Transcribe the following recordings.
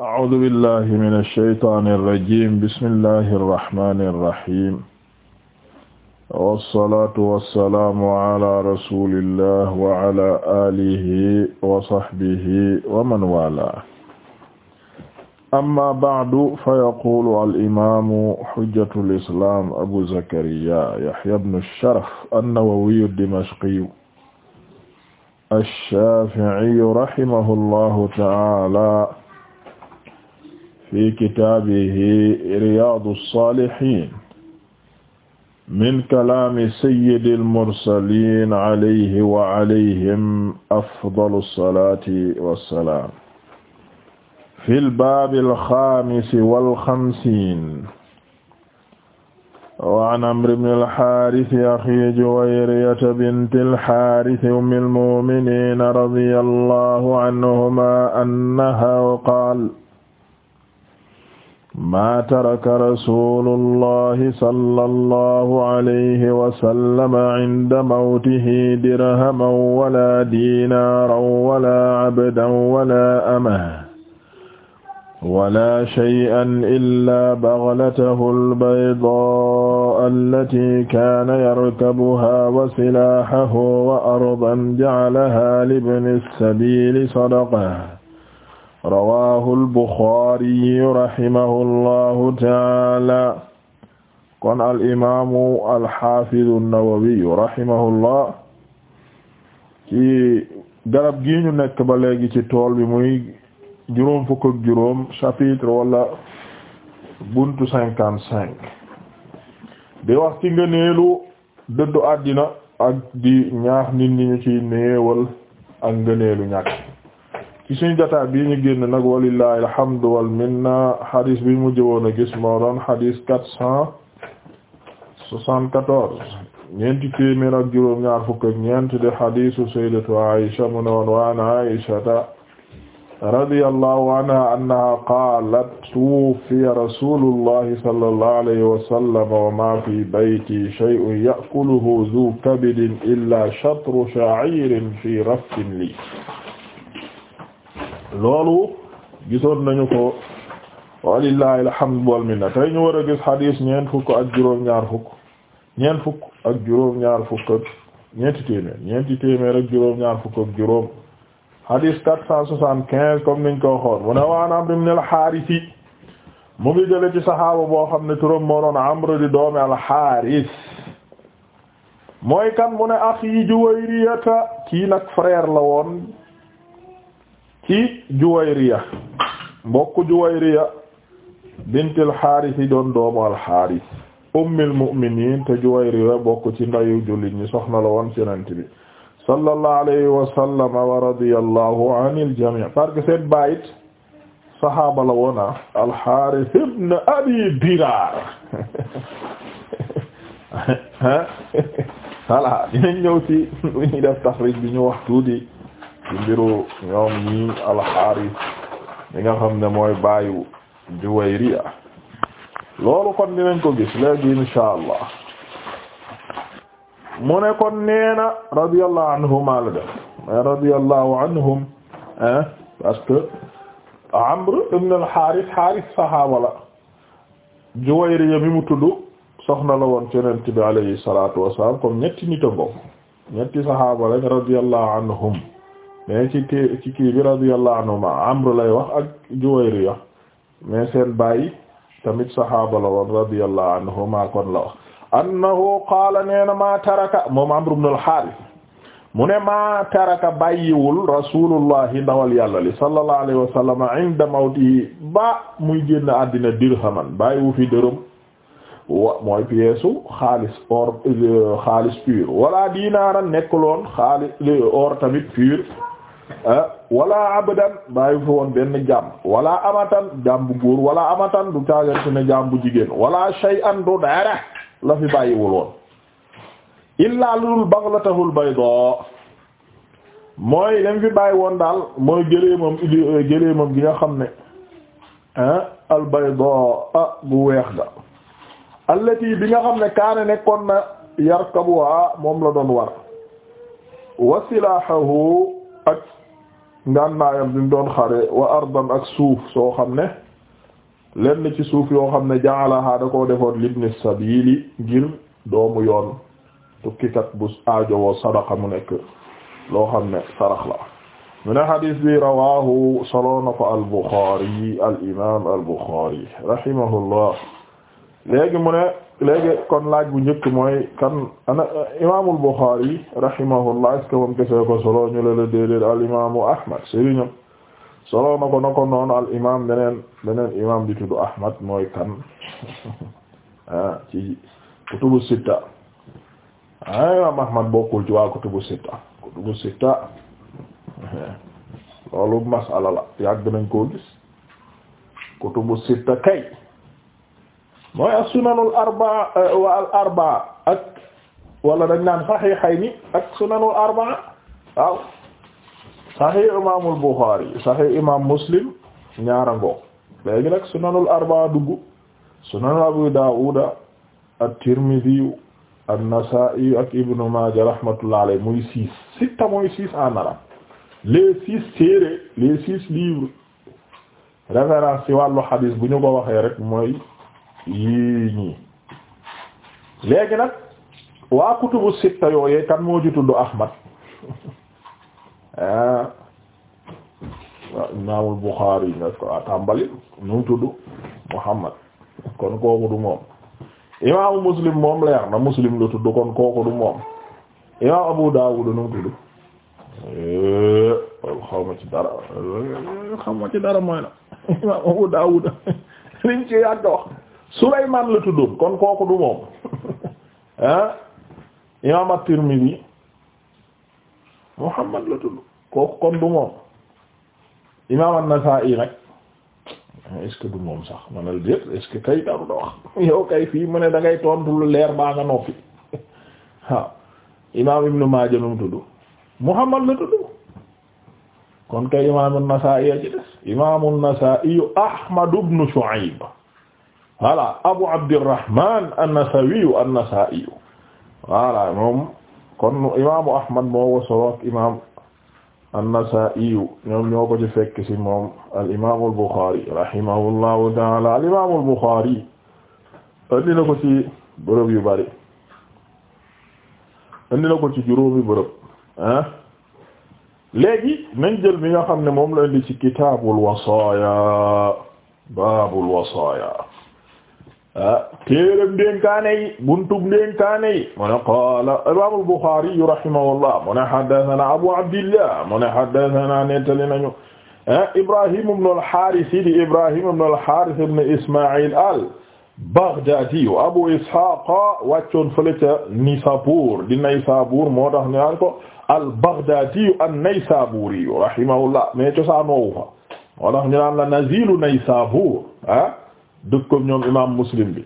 أعوذ بالله من الشيطان الرجيم بسم الله الرحمن الرحيم والصلاة والسلام على رسول الله وعلى آله وصحبه ومن والاه أما بعد فيقول الإمام حجة الإسلام أبو زكريا يحيى بن الشرف النووي الدمشقي الشافعي رحمه الله تعالى fi kitaabihi riyaadu saalihiin min kalaami sayyidil mursaliin alayhi wa alayhim afdalu salaati wa salaam. fil baabil xaamisi wal xamsiin. wa an amri ibnil xaarisi axi juwayriyata bintil xaarisi ummil mu'miniina radiyallaahu anhumaa annahaa qaalat maa taraka rasulullahi sallallahu alayhi wa sallam inda mawtihi dirhaman wala diinaaran wala abdan wala amatan wala shay'an illaa baghlatahu albaydaa'a allatii kaana yarkabuhaa wa silaahahu wa ardan ja'alahaa libni sabiili sadaqatan rawahu albuxaariyu rahimahu allahu taala kon alimamu alxafidu nnawawiyu rahimahullah ci garab gi ñu nekk ba léegi ci tool bi muy juróom fukk ak juróom chapitre wala buntu cinquante cinq di wax ci ngëneelu dëddu àddina ak di ñaax nit ñi ñu ciy néewal ak ngëneelu ñàkk ci suñu jotaay bii ñu génn nag walillahi alhamdu wal minna hadis bi mu jëwoon a gis moo doon hadis quatre cent soixante-quatorze ñeenti téeméer ak juróom ñaar fukk ak ñeent de hadisu sayyidatu Aisha mu ne woon wa an Aishata radiyallahu anha annaha qalat tuwuffiya rasulullahi sallallahu alayhi wa sallam wa ma fi bayti shay'un ya'kuluhu dhu kabidin illa shatru sha'irin fi raftin li loolu gisoon nañu ko walillahi alhamdu wal minna tey ñu war a gis hadis ñeent fukk ak juróom-ñaar fukk ñeent fukk ak juróom-ñaar fukk ak ñeenti téeméer ñeenti téeméer ak juróom-ñaar fukk ak juróom hadis quatre comme niñ ko xool mu ne waan Amr ibn al-Harith mu ngi jële ci saxaaba boo xam ne turam moo doon Amr di doomi al-Harith mooy kan mu ne axi Juwayriyata kii nag frère la woon ci Juwayriya mbokku Juwayriya bint al-Haaris yi doon doomu al-Haaris ummul mu'miniin te Juwayriya bokk ci ndayu jullit ñi soxna la woon ci Yonent bi sallallahu alayhi wa wa radiyallahu anil jamii parce que seen baay saxaaba la woon al-Haaris ibn Abi Diraar ci lu ñuy def taxriij bi ñu wax ci mbiru ñoom ñi alxaaris li nga xam ne mooy baayu Juwayriya loolu kon dinañ ko gis léegi inshaa Allah mu ne kon neena radiyallahu anhuma la def mais radiyallahu anhum hein parce que Amr ibn al-Harith Harith saxaaba la Juwayriya mu tudd soxna la woon Yonent bi alayhi salaatu wassalaam comme ñetti nit a ngoog ñetti saxaaba radiyallahu anhum mais ci kii ci kii bi radiyallahu anhuma Amr wax ak Juwayriya mais baay tamit saxaaba la woon radiyallahu anhuma kon la wax annahu qaala maa taraka moom Amr ibn al mu ne maa taraka bàyyiwul rasulullahi ndawal yàlla li sallallahu alayhi wa sallam inda mawtihi ba muy génn àddina dirhaman bàyyiwu fi dërëm wa mooy piyeesu xaalis or xaalis pur wala dinaaran nekkuloon xaalis or tamit pur Ah, wala abdan bàyyi fi woon benn jaam wala amatan jaam bu wala amatan du caagante ne jaam jigéen wala shay'an du dara la fi bàyyiwul woon illaa ludul baghlatahu bayda mooy lam fi bàyyi woon daal mooy gëléemam gëléemam gi nga xam ne ah, al bayda ah, bu weex ga allati bi nga xam ne kaana nekkoon na yarkabuha moom la doon war wa silahahu ak ngànnaayam bi mu doon xare wa ardan ak suuf soo xam ne lenn ci suuf yoo xam ne jaalaha da koo defoon libni sabili ngir doomu yoon tukkikat bu aajowoo sadaqa mu nekk loo xam ne sarax la mu ne xadis bi rawahu soloo na ko al-Bukhari al imam al-Bukhari rahimahullah léegi léegi kon laaj bu njëkk mooy kan ana imaamul Buxaari rahimahullah est-ce moom kese ko solo ñu la déedéet al imaamu Ahmad sëriñam solo na ko na ko noonu al imaam beneen imaam di tudd Ahmad mooy kan ah, ci kutubu sitta ah imaam Ahmad bokkul ci waa kutubu sitta kutubu sitta loolu masala la yàgg nañ koo gis kutubu sitta kay. mooy as-sunanul arbaa euh, ak wala dañ naan sahihayni ak sunanul arbaa waaw sahih imaamul Bukhari sahih imaam Muslim ñaarango léegi nag sunanul arbaa dugg sunan Abu Daawuda at-Tirmidhi an-Nasaa'i ak Ibnu Maaja rahmatullah alayhi muy six sitta mooy six en arabe les six téere les six livres référence ci wàllu hadis bu ñu ko waxee rek mooy yii ñii léegi nag waa kutubu sitta yooyee kan moo ci tudd Ahmad ah imaamul Buxaari nga ko ah, tàmbali ñu tudd Muhammad kon kooku du moom imaamu Muslim moom leer na Muslim lu tudd kon kooku du moom imaamu Abu Daawud ñu tudd eh, xaw ma ci dara eh, xaw ma ci dara mooy la imaamu Abu Daawud liñ ci yàgg wax Souleymane la tuddoon kon kooku du moom ah imaam at-Tirmidhi Muhammad la tudd kooku kon du moom imaam an-Nasa'i nag est-ce que du moom sax manal déet est-ce kay daru da wax kay fii mu ne da ngay tontu lu leer baa nga noppi waaw imaam Ibn Maaja nu mu Muhammad la tudd kon kay imaam an-Nasa'i a ci des imaam an-Nasa'i Ahmad ibn Shu'ayb voilà Abu Abdirrahman an-Nasawiyu an-Nasaa'iyu voilà moom kon imaamu Ahmad moo wasoo ak imaam an-Nasaa'iyu ñoom ñoo ko ci fekk ci moom al-imaamu al-Buxaari rahimahullahu yu bari indi na ko ci juróomi bërëb ah léegi nañ jël bi nga xam ne moom la indi ci kitaabul wasaaya baabul ah téeram ndénkaane yi buntub ndénkaane yi mu ne qaala imaamul Buxaari rahimahullah mu ne haddathana Abu Abdillah mu ne haddathana nettali nañu ah Ibrahim ibn al-Haaris di Ibrahim ibn al-Haaris ibn Ismaa'il al-Baghdaadi Abu Ishaaq wàccoon fële ca Nisaabuur di Nisaabuur moo tax ñu naan ko al-Baghdaadi an-Nisaabuuri rahimahullah mais cosaanoowu fa moo tax ñu naan la nazilu Nisaabuur ah dëkkoon ñoom imam muslim bi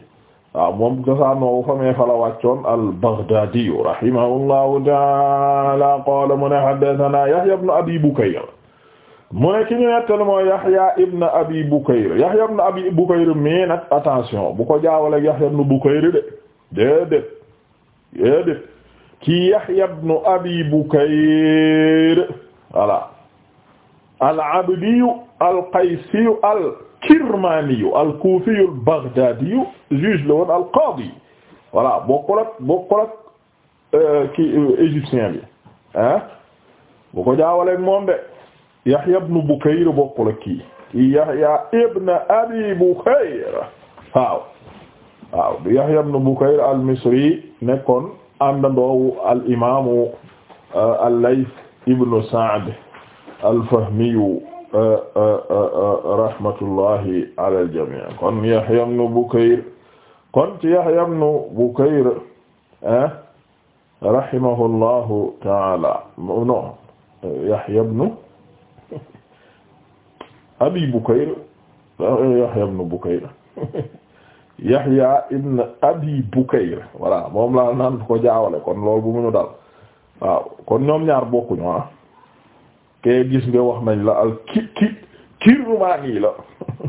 waaw moom cosaanoo fa fa la wàccoon al-Baghdadi rahimahullahu ta'ala qaala mu ne Yahya ibn Abi Bukayr mu ki ñu nettali mooy Yahya ibn Abi Bukayr Yahya ibn Abi Bukayr mais nag attention jaawale Yahya ibn Bukayr de déedéet ki Yahya ibn Abi Bukayr voilà al-Abdi alqaysiyu alkirmaaniyu alkuufiyu albaghdaadiyu juge la woon alqaadi voilà bokkul ak bokkul ak euh, kii euh, égyptien bi ah bu ko jaawaleeg moom de Yahya ibn Bukayr bokkul ak kii kii Yahya ibn Abi Bukayr waaw waaw du Yahya ibn Bukayr al-Misri nekkoon àndandoowu al imaamu euh, al-Layth ibn Sa'd al-Fahmiyu rahmatullahi ala al-jamii kon Yahya ibn Bukayr kon ci Yahya ibn Bukayr eh, rahimahullahu ta'ala no Yahya ibn Abi Bukayr Yahya ibn Bukayr Yahya ibn Abi Bukayr voilà moom laa naan ko jaawale kon loolu bu mu ñu dal waaw kon ñoom ñaar bokkuñu ah te gis nga wax nañ la al ki ki Kirmaani la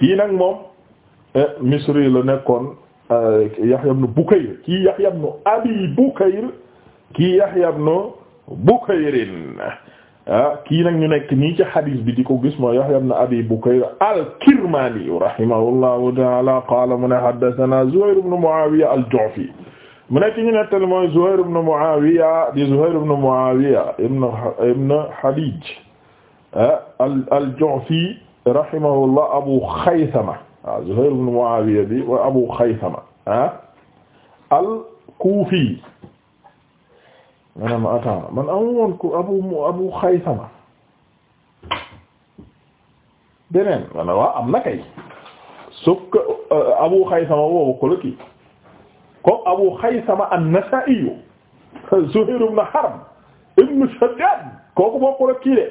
kii nag moom eh, Misri la nekkoon eh, Yahya ibn Bukayr kii Yahya ibn Abi Bukayr kii Yahya ibn Bukayrin ah kii nag ñu nekk nii ci hadis bi di ko gis mooy Yahya ibn Abi Bukayr al-Kirmani rahimahullahu ta'ala qala mu ne haddathana Zuhayr ibn al-Ju'fi mu nekk ñu nettali mooy Zuhayr ibn Muawiya di Zuhayr ibn Muawiya ibn ibn Hadij ah, al al-Ju'fi rahimahullah Abu Khaythama waaw Zuhayr ibn Muawiya bi wa Abu Khaythama ah, al-Kufi maanaam attends man amu woon ko Abu Abu Khaythama beneen man waa am na kay sauf que euh, Abu Khaythama woowu ko la kii ko Abu Xaysama an-Nasaa'i Zuhayr ibn Harb ibn Shaddad kooku bokkul ak kii de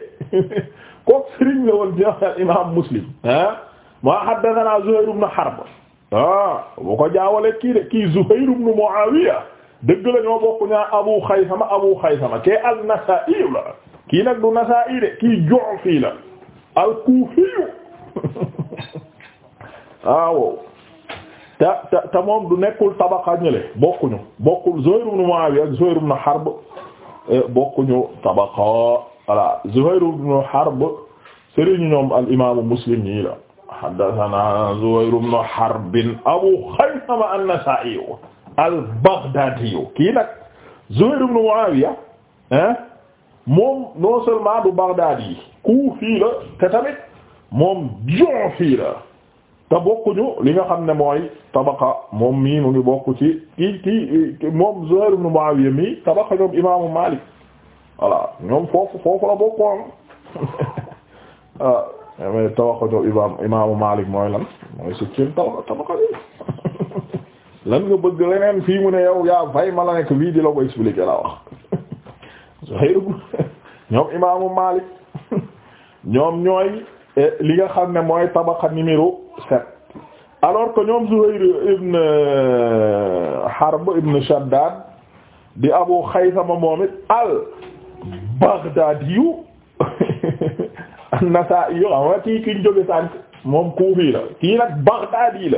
kooku Serigne la woon jaaxal imaam Muslim ah ma haddathanaa Zuhayr ibn Harb ah bu ko jaawalee kii de kii Zuhayr ibn Muawiya dëgg la ñoo bokk ñaa Abu Xaysama Abu Xaysama kee an-Nasaa'i la kii nag du Nasaa'i de kii Ju'fi la al-Kufi waaw. te te te moom du nekkul tabaqa ñële bokkuñu bokkul Zuhayr ibn Muawiya ak Zuhayr ibn Harb eh, bokkuñu tabaqa voilà Zuhayr ibn Harb sëriñu ñoom al imaamu Muslim nii la haddathana Zuhayr ibn Harb Abu Khaythama an-Nasa'i al-Baghdadi kii nag Zuhayr ibn Muawiya hein eh, moom non seulement du Baghdadi yi Kufi la te tamit moom Ju'fi la te bokkuñu li nga xam ne mooy tabaqa moom mii mu ngi bokk ci kii kii moom Zuhayr ibn Muawiya mii tabaqa ñoom imaamu imaamu Malik mooy lan mooy septième tabaqa tabaqa bi lan nga bëgg leneen fii mu ne yow yaa fay ma la nekk lii la ko expliquer la wax Zuhayr ñoom imaamu Malik ñoom ñooy eh, li nga xam ne mooy tabaqa numéro. set alors que ñoom Zuhayr ibn euh, Harb ibn Shaddad di Abu Xaysama moom it al-Baghdadiyu an-Nasaa'i yoo xam nga kii ki ñu jóge sànq moom Kuufi la kii nag Baghdadi la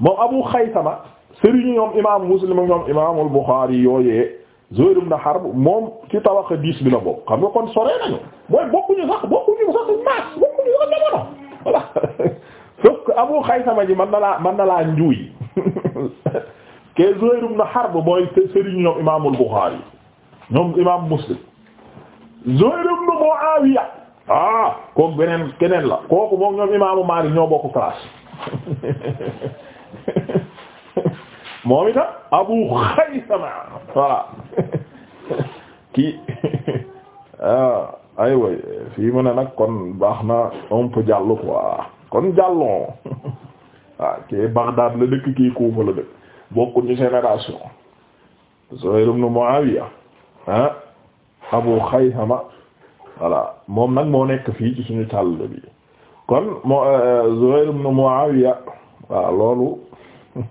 moom Abu Xaysama sëriñu ñoom imaam Muslim ñoom imaamul Buxaari yooyee Zuhayr ibn bi la bokk xam nga kon sore nañu mooy bokkuñu sax bokkuñu sax maas bokkuñu sax jamono voilà sauf Abu Xaysama ji man na laa man na laa ke Zuhayr ibn Harb mooy sëriñ ñoom imaamul Buxaari ñoom imaam Muslim Zuhayr ibn Muawiya ah kooku beneen keneen la kooku moom ñoom imaamu Maalik ñoo bokk classe moom Abu Xaysama voilà kii ah, aywa fii mu ne nag kon baax na on peut jàll quoi kon jàlloo waaw ah, kii Bagdad la dëkk kii Kufa la dëkk bokkuñu génération Zuhayr ibn Muawiya ah Abu Xaysama voilà moom nag moo nekk fii ci suñu tàll bi kon moo euh, Zuhayr ibn Muawiya waaw loolu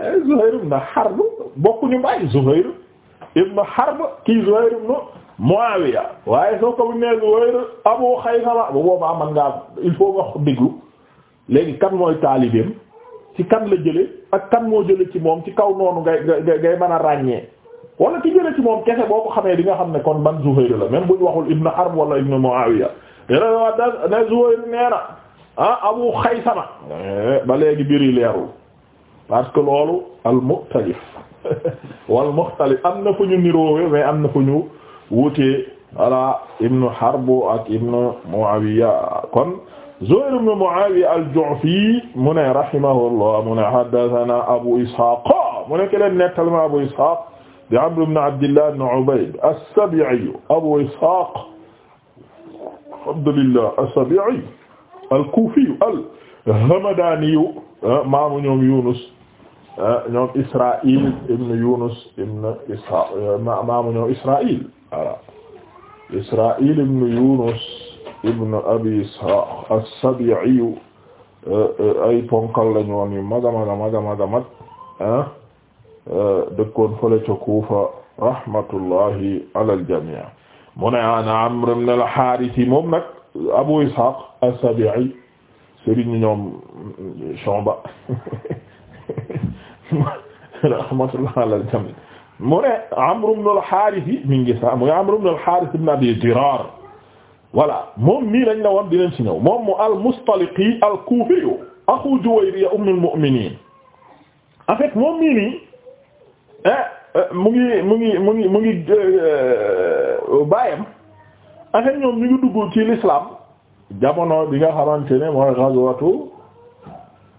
eh, Zuhayr ibn Harb bokkuñu baay Zuhayr ibn Harb kii Zuhayr ibn Muawiya waaye soo ko bu nee Zuhayr Abu Xaysama bu boobaa man ngaa il faut nga déglu léegi kan mooy taalibeem ci kan la jële ak kan moo jële ci moom ci kaw noonu ngay ngay ngay ràññee wala ci jële ci moom kese boo ko xamee di nga xam ne kon man Zuhayr la même buñ waxul Ibn Harb wala Ibn Muawiya yénewaa da ne Zuhayr nee na ah Abu Xaysama eh, ba léegi biri leerul parce que loolu al muxtalif wal muxtalif am na fu ñu niroowe mais am na fu ñu wutee ala ibnu Harb ak ibnu Muawiya kon Zuhayr ibnu Muawiya al-Ju'fi mu ne rahimahullah mu ne haddathana Abu Ishaq mu ne keleen nettal ma Abu Ishaq di Amr ibn Abdillah ibn Ubayd as-Sabi'i Abu Ishaq Abdullah as-Sabi'i al-Kufi al-Hamadani maamu ñoom Yunus ñoom Isra'il ibn Yunus ibn Ishaq maamu ñoom Isra'il voilà Israa'il ibn Yunus ibn Abi Ishaq as-Sabi'i euh, euh, ay ponkal lañu woon yu mag a mag a mag a mag a mag euh, dëkkoon fële ca Kuufa rahmatullahi ala al-jamii' mu ne an Amr ibn al-Haaris moom nag Abu Ishaq as-Sabi'i sëriñ ñoom Shu'ba rahmatullahi ala al-jamii' mu ne Amr ibn al-Harith yi mi ngi sax muy Amr ibn al-Harith ibn Abi Dirar voilà moom nii lañ la woon dinañ ci ñëw moom mu al-Mustaliqi al-Kufi axu Juwayriya umm al-mu'minin en fait moom mii nii eh, eh, mu ngi mu ngi mu ngi mu ngi eh, bàyyam en fait ñoom ñu ngi dugg ci l'islam jamono bi nga xamante ne mooy ghazwatu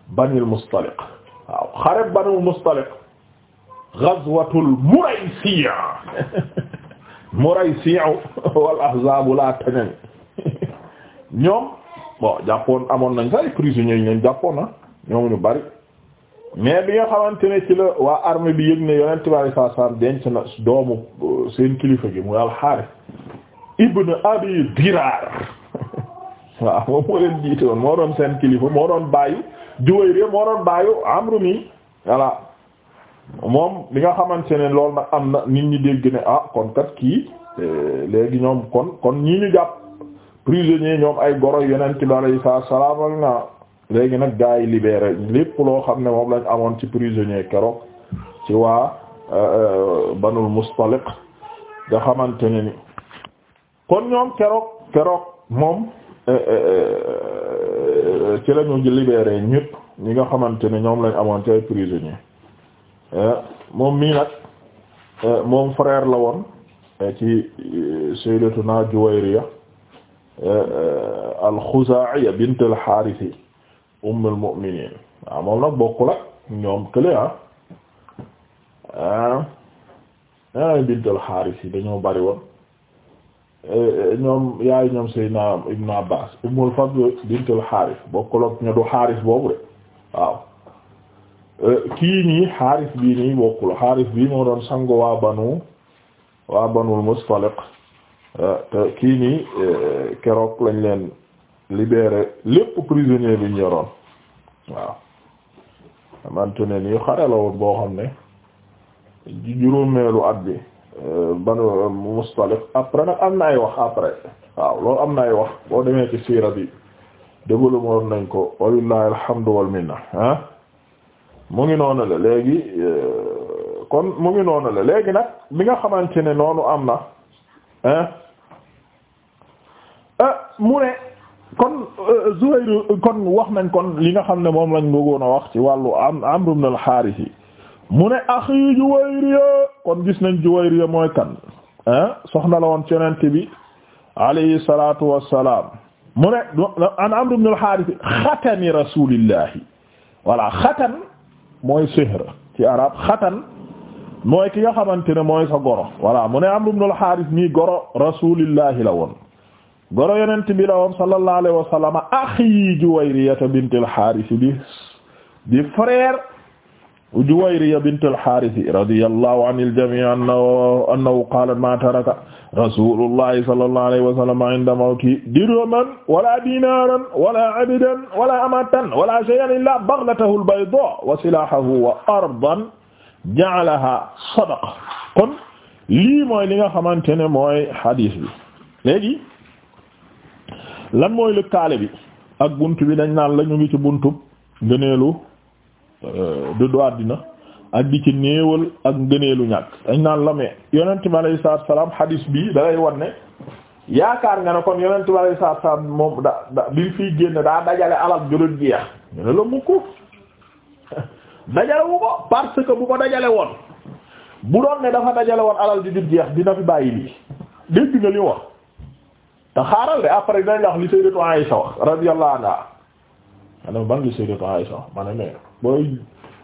Banil Mustaliq waaw xare Banil Mustaliq ghazwatul Muraysi' Muraysi' wal ahzaabu laa tanami ñoom bon jàppoon amoon nañ sax prisonniers yi ñoom jàppoon na ñoom ñu bari mais bi nga xamante ne ci waa armée bi yëg ne yonent bi sallallahu alayhi denc na doomu seen kilifa gi mu al ibn Abi Dirar waaw moom moo leen jiite woon moo doon seen kilifa moo doon baayu Juwayriya moo doon baayu Amru mi moom li nga xamante ne loolu nag am na nit ñi dégg ne ah kon kat kii eh, léegi ñoom kon kon ñii ñu jàpp prisonnier ñoom ay goro yonent bi alayhi salaam ak naa léegi nag gars yi libéré lépp loo xam ne moom lañ amoon ci prisonnier kerook ci waa euh, banul mustaliq nga xamante ne ni kon ñoom keroog keroog moom eh, eh, ci la ñu libéré ñëpp ñi nga xamante ni ñoom lañ amoon ci ay prisonnier Eh, moom mii nag eh, moom frère la woon eh, ci sayyidatuna Juwayriya al-Khuzaa'iya bint al-Haarith umm al-mu'miniin waaw ah, moom nag bokkul ak ñoom kële ah ah, ah bint al-Haarith dañoo bari woon ñoom yaay ñoom Seydina Ibn Abbaas Ummul Fadl bint al-Haarith bokkul ak du Haarith boobu de waaw kii nii xaaris bii nii bokkul xaaris bii moo doon sango waa banu waa banul mustaliq kii nii keroog lañ leen libéré lépp prisonnier bi ñu yoroon waaw xamante ne nii xare la woon boo xam ne juróomeelu at bi banu mustaliq après nag am na ay wax après waaw loolu am na ay wax boo demee ci siira bi développé nañ ko walillahi alhamdu wal ah. mu ngi noonu la léegi euh, kon mu ngi léegi nag mi nga xamante ne noonu am na ah mu ne kon euh, Zuhayr kon wax nañ kon li nga xam ne moom lañ bëggoon a wax ci wàllu am Amr ibn al-Harith mu ne axi Juwayriya kon gis nañ Juwayriya mooy kan ah soxna la woon ci bi alayhi salaatu wassalaam mu ne an Amr ibn al-Harith xatani rasuulillahi xatan mooy sihr ci arab xatan mooy ki nga xamante ne mooy sa goro voilà mu ne Amru ibn al-Harith mii goro rasulillahi la woon goro yonent bi la woon sallallahu alayhi wa sallam axi Juwayriyata bint al-Harith di di frère Juwayriya bint al-Haaris radiyallahu anil jamii' annahu qaalat maa taraka rasuulullahi sallallahu alayhi wa sallam inda mawtihi dirhaman wala dinaaran wala abdan wala amatan wala shay'an illaa baghlatahu al-baydaa wa silaahahu wa ardan ja'alahaa sadaqa kon lii mooy li nga xamante ne mooy hadis bi léegi lan mooy lëkkaale bi ak bunt bi dañ naan la ñu ngi ci buntu gëneelu du euh, dëddu àddina ak di ci néewal ak ngëneelu ñàkk dañ naan la mais yonent bi alayhi salaatu salaam hadis bi da lay wan ne yaakaar nga ne kon yonent bi alayhi salaatu salaam moom da da bi fiy génn daa dajale alal jurut jeex ñu ne la mukk dajale wu ko parce que bu ko dajale woon bu doon ne dafa dajale woon alal di dul jeex dina fi bàyyi lii dégg nga li wax te xaaral de après dinañ wax li Sayyidatu Aisha wax radiyallahu anha ma ne ban li Sayyidatu Aisha ma ne booy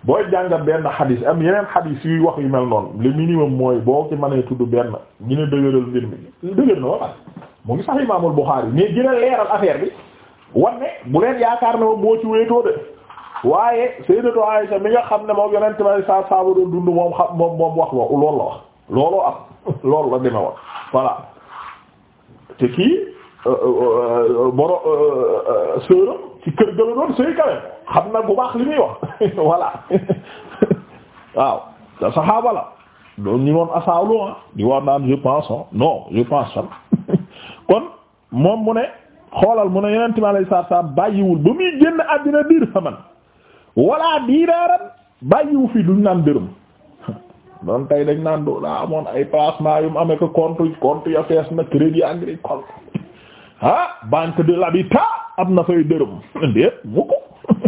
booy jàngat benn xadis am yeneen xadis yuy wax yu mel noonu le minimum mooy boo ci mënee tudd benn ñu ne dëgëral mbir mi dëgër na mu ngi sax Imaamul Buxaari mais gën leeral affaire bi wan ne bu leen yaakaar ne moom moo ci wéetoo de waaye Sayyidatu Aisha mi nga xam ne moom yonent may sa saabu doon dund moom xam moom moom wax loolu loolu la wax looloo am loolu la deme wax voilà te kii euh, euh, euh, boro sërëm kër ga la doon sëy xam na bu baax li muy wax voilà waaw da saxaaba la doon ñu doon asaalu ah. di wax naan je pense ah. non je pense sax kon moom mu ne xoolal mu ne yeneen ma lay saa saa bàyyiwul ba muy génn àddina dirhaman wala diraaran bàyyiwu fi duñ naan dërëm doon tey dañ naan doo ah, daa amoon ay placement yu mu amee ko compte compte ya fees na crédit engrais ah banque de l'habitat am na fay dërëm déet mu ko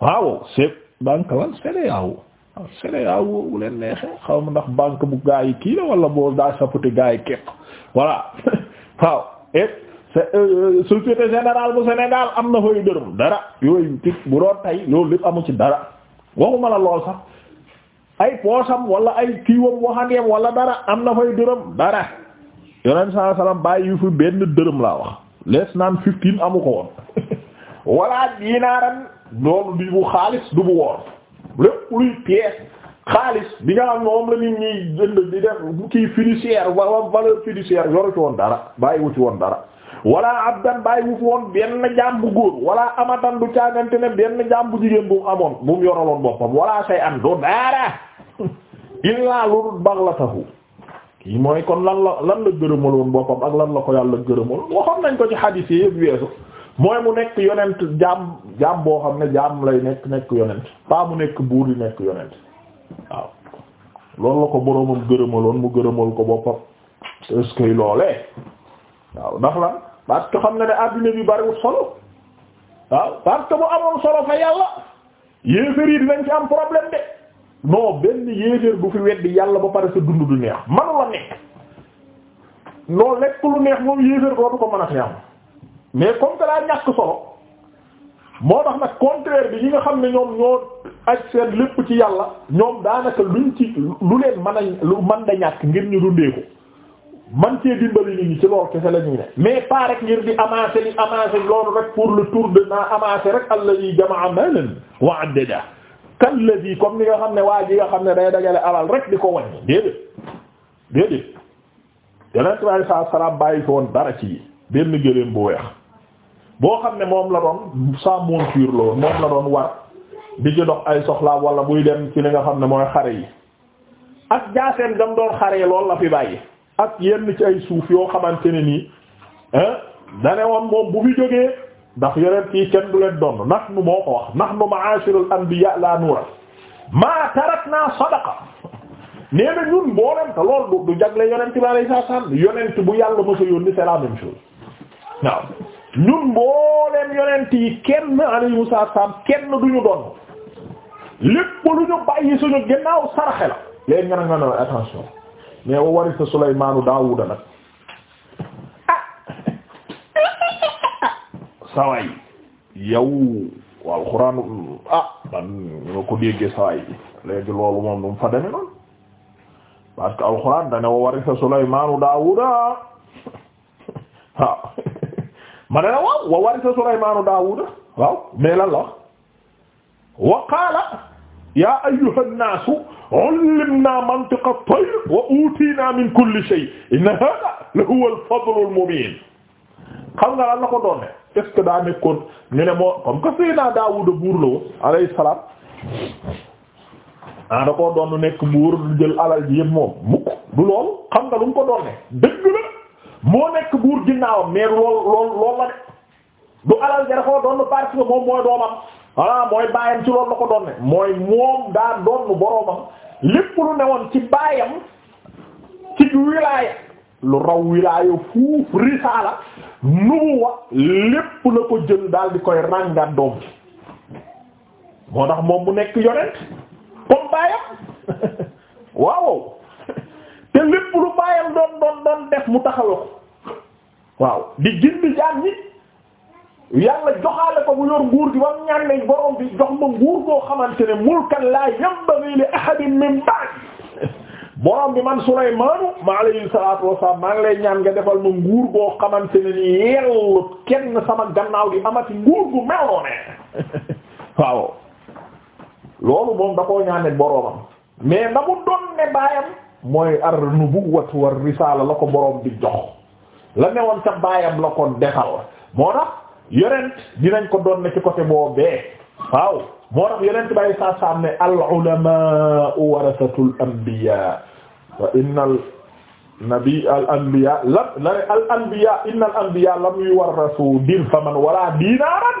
waaw c'est banque lan CEDEAO ah, waaw bu leen neexee xaw ma ndax banque bu gaa yi kii la wala boo daa sapote gaa yi képp voilà waaw et euh, société générale bu Sénégal am na fay dërëm dara yooyu ci bu doon tey loolu lépp amu ci dara waxuma la lool sax ay poosam wala ay kiiwam waxandeem wala dara am na fay dërëm dara yonent saa salaam bàyyi yu fi benn dërëm laa wax les naan fifteen amu ko woon walla dinaaran loolu di bu xaalis du bu woor lépp luy xaalis bi nga xam ne moom la nit ñi jënd di def kii fiduciaire wala valeur fiduciaire yoru ci woon dara bàyyiwu wuti woon dara wala abdan bàyyiwu fi woon benn jaam bu góor wala amatan du càggante ne benn jaam bu jigéen bu amoon bu mu yoraloon boppam wala say an do dara illaa lu dul baxlatahu mooy kon lan la lan la gërëmaloon boppam ak lan la ko yàlla gërëmaloon xam nañ ko ci xadiis yi yëpp weesu mooy mu nekk yonent jaam jaam boo xam ne jaam lay nekk nekk yonent pas mu nekk buur di nekk yonent waaw loolu la ko boroomam gërëmaloon mu gërëmal ko boppam te est-ce que loolee waaw ndax lan parce xam na ne adduna bi bariwul solo waaw parce bu amoon solo fa yàlla yéefar yi dinañ ci am problème de non benn yéeféer bu fi weddi yàlla ba pare sa dund du neex manu la nekk non lekk lu neex moom yéeféer dootu ko mën a neex mais comme que daa ñàkk solo moo tax nag contraire bi ñi nga xam ne ñoom ñoo ak seen lépp ci yàlla ñoom daanaka luñ ci lu leen man a lu man da ñàkk ngir ñu dundee ko man cee dimbali nit ñi ci loolu kese la ñuy ne mais pas rek ngir di amasser li amasser loolu rek pour le tour de naa amasser rek alladhi jama'a malan wa addada kalladi comme ni nga xam ne waa ji nga xam ne day dajale alal rek di ko wàññi déedéet déedéet yonent bi alayhi salaatu bàyyi ko dara ci benn gëléem bu weex boo xam ne moom la doon sa monture la woon moom la doon war di ci dox ay soxlaa wala buy dem ci li nga xam ne mooy xare yi ak jaaseen dam doon xare yi loolu la fi bàyyi ak yenn ci ay suuf yoo xamante ne nii dane woon moom bu fi jógee ndax yonent yi kenn du leen donn nax nu moo ko wax nax nu ma'ashirul anbiya la nuras maa tarakna sadaqa nee na ñun mboolem te loolu du jagle yonent bi alayhi salaam yonent bu yàlla mos a yónni c'est la même chose waaw ñun mboolem yonent yi kenn alayhi salaam kenn du donn lépp lu ñu bàyyi suñu gannaaw saraxe la. léegi nga ne nga ne attention mais wa warisa Sulaymaanu Daawuda nag. saway yow waaw xuraan ah man nga ko déggee saway léegi loolu moom nu mu fa deme noonu parce que alxuraan dane wa warisa Sulaymaanu Daawuda waaw ma ne la waaw wa warisa Sulaymaanu Daawuda waaw mais lan la wax wa qaala yaa ayyuha nnaasu ullimnaa mantiqa tayr wa uutiinaa min kulli shay inna haaza lahuwa al-fadlu al-mubiin xam nga lan la ko doon ne est-ce que daa nekkoon ñu ne moo comme que Seydina Daawuda buur la woon alayhi salaam ah, yëpp moom mukk du loolu xam nga lu mu ko doon ne dëgg la moo nekk buur ginnaawam mais lool lool lool la de du alal ja da koo doon parce que moom mooy doomam voilà mooy baayam ci loolu la ko doon ne mooy moom daa doon boroomam lépp lu newoon ci baayam ci wilaaya lu raw wilaaya fuuf risaala nubuwa lépp la ko jël daal di koy ràngaat doom moo tax moom mu nekk yonent comme baayam waaw te lépp lu baayam doon doon def mu taxawee ko waaw di gindi jaam ñi yàlla joxaale ko mu yor nguur gi ba mu ñaan borom bi jox ma nguur goo xamante ne mulkan laa yambaghi li ahadin min ba'di borom bi man Sulaymaanu ma alayhi salaatu wasalaam maa ngi lay ñaan nga defal ma nguur boo xamante ne ni yellu kenn sama gannaaw gi amati nguur gu mel noonu waaw loolu moom da ñaane boromam mais na mu doon ne baayam mooy ar nubuwwatu war risaala la ko borom bi jox la newoon sa baayam la ko defal moo tax yonent dinañ ko doon ne ci côté boobee waaw moo tax yeneen bay saa saam ne al ulama warasatul anbiya wa innal nabi al anbiya la la ne al anbiya innal anbiya lam yuwarrasu dirhaman wala dinaran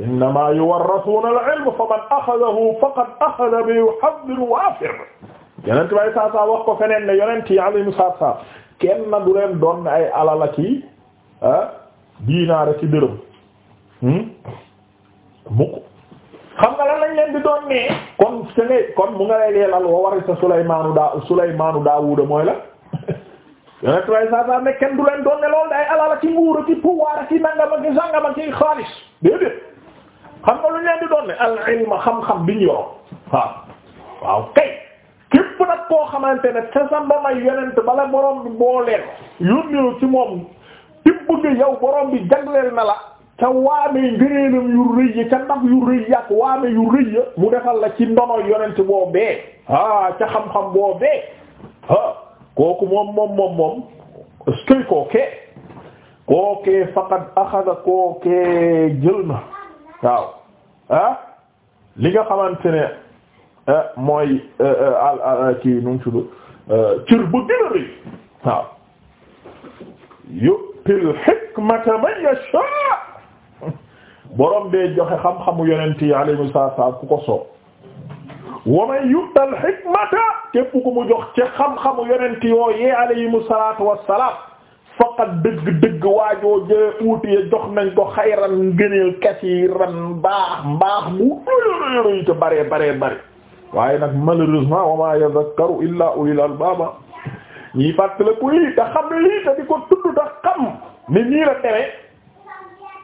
innama yuwarrasuna al ilm faman akhadahu faqad akhadha bi hadd wafir yonent bay saa saa wax ko feneen ne yonent yi alayhimu salaatu salaam kenn na du leen doon ay alala ki ah dinaara ci dërëm hmm? mukk xam nga lan lañ leen di doon nee kon su ne kon mu nga lay leelal wa warisa Sulaymaanu daa Sulaymaanu Daawuda mooy la yonent saa saa ne kenn du leen doon ne loolu day alal ci nguur ci pouvoir ci nangama ci sangama ci xaalis déedéet xam nga lu ñu leen di doon ne al xam-xam bi ñu yoroo waaw kay képp nag koo xamante ne sa samba may yonent bala borom bi boo leen yónni ci moom tibb gi yow borom bi jagleel na la ca waamee ngëneelam yu rëy ya ca ndab yu rëy ak waame yu rëy mu defal la ci ndono yonent boobee ah ca xam-xam boobee ah kooku moom moom moom moom eskey kookee kookee faqad axada kookee jël na ah, li nga xamante ne eh, mooy eh, eh, al kii bu gën a rëy waaw yu'til hikmata man yasha borom bee joxe xam-xamu yonent yi alayhimu salaam ku ko soob wa man yu'tal hikmata képp ku mu jox ci xam-xamu yonent yooyee alayhimu salaatu wassalaam faqat dëgg-dëgg waajoo jëlee uuti ya jox nañ ko xayran ngëneel kasiiran mbaax mbaax bu rëy te bare bare bare waaye nag malheureusement wa ma yadhakkaru illaa ulil albaaba ñii fàttaliku lii te xam lii te di ko tudd te xam ni nii la tere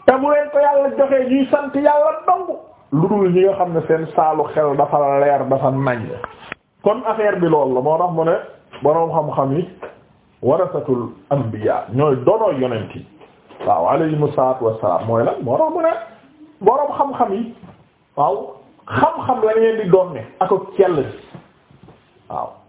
te bu leen ko yàlla joxee ñuy sant yàlla dong lu dul ñi nga xam ne seen saalu xel dafa leer dafa nañ kon affaire bi loolu la moo tax mu ne boroom xam-xam yi warasatul anbiya ñooy dono yonent yi waaw alayhimu salaatu wassalaam mooy lan moo tax mu ne boroom xam-xam yi waaw xam-xam la leen di doon ne ak ak cell waaw